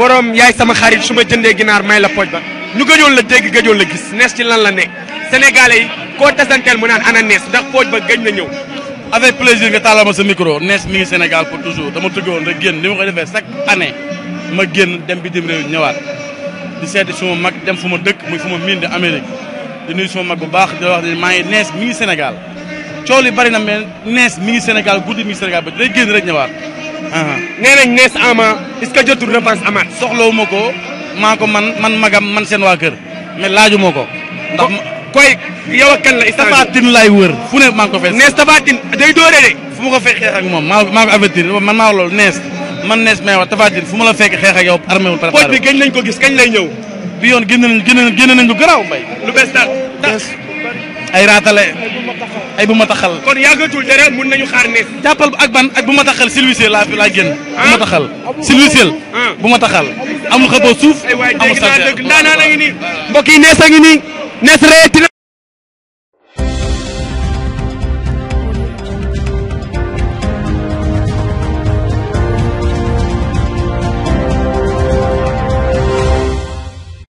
borom yaay sama xarit su ma jëndee ginaar may la pooj ba ñu gëjoon la dégg gëjoon la gis nees ci lan la ne sénégalais yi koo tasanteel mu naan ana nees ndax pooj ba gëj na ñëw. avec plaisir nga tàllal ma sa micro nees mi ngi Sénégal pour toujours dama tëggoon rek génn ni ma koy defee chaque année ma génn dem bitim réew ñëwaat di seeti suma mag dem fu ma dëkk muy fu ma miin di Amérique di nuyu suma mag bu baax di wax maa ngi nees mi ngi Sénégal coow li bari na mais nees mi ngi Sénégal guddi mi ngi ba day génn rek ñëwaat. est-ce que jotul revanche amaat. soxlawu ma ko maa man man magam man seen waa kër mais laaju ko. ndax koy yow ak kan la. Tapha wër fu ne maa ngi ko fekk. nees Tapha Tine day de. fu ma ko fekk xeex ak moom maa maa ko avertir man maa loolu nees. man nees may wax Tapha Tine fu ma la fekk xeex ak yow armé wul préparé pooj bi kañ lañ ko gis kañ lay ñëw bi yoon génn nañ génn nañ lu garaaw mbay lu bees taat ay raatale ay bu ma taxal kon yàggatul dara mun nañu xaar nees jàppal ak ban ak bu ma taxal silwiseel laa fi laa génn bu ma taxal silwiseel bu ma taxal amul xëppoo suuf amul sa ndaanaa la ngi nii mbokk yi nees a ngi nii nees reeti na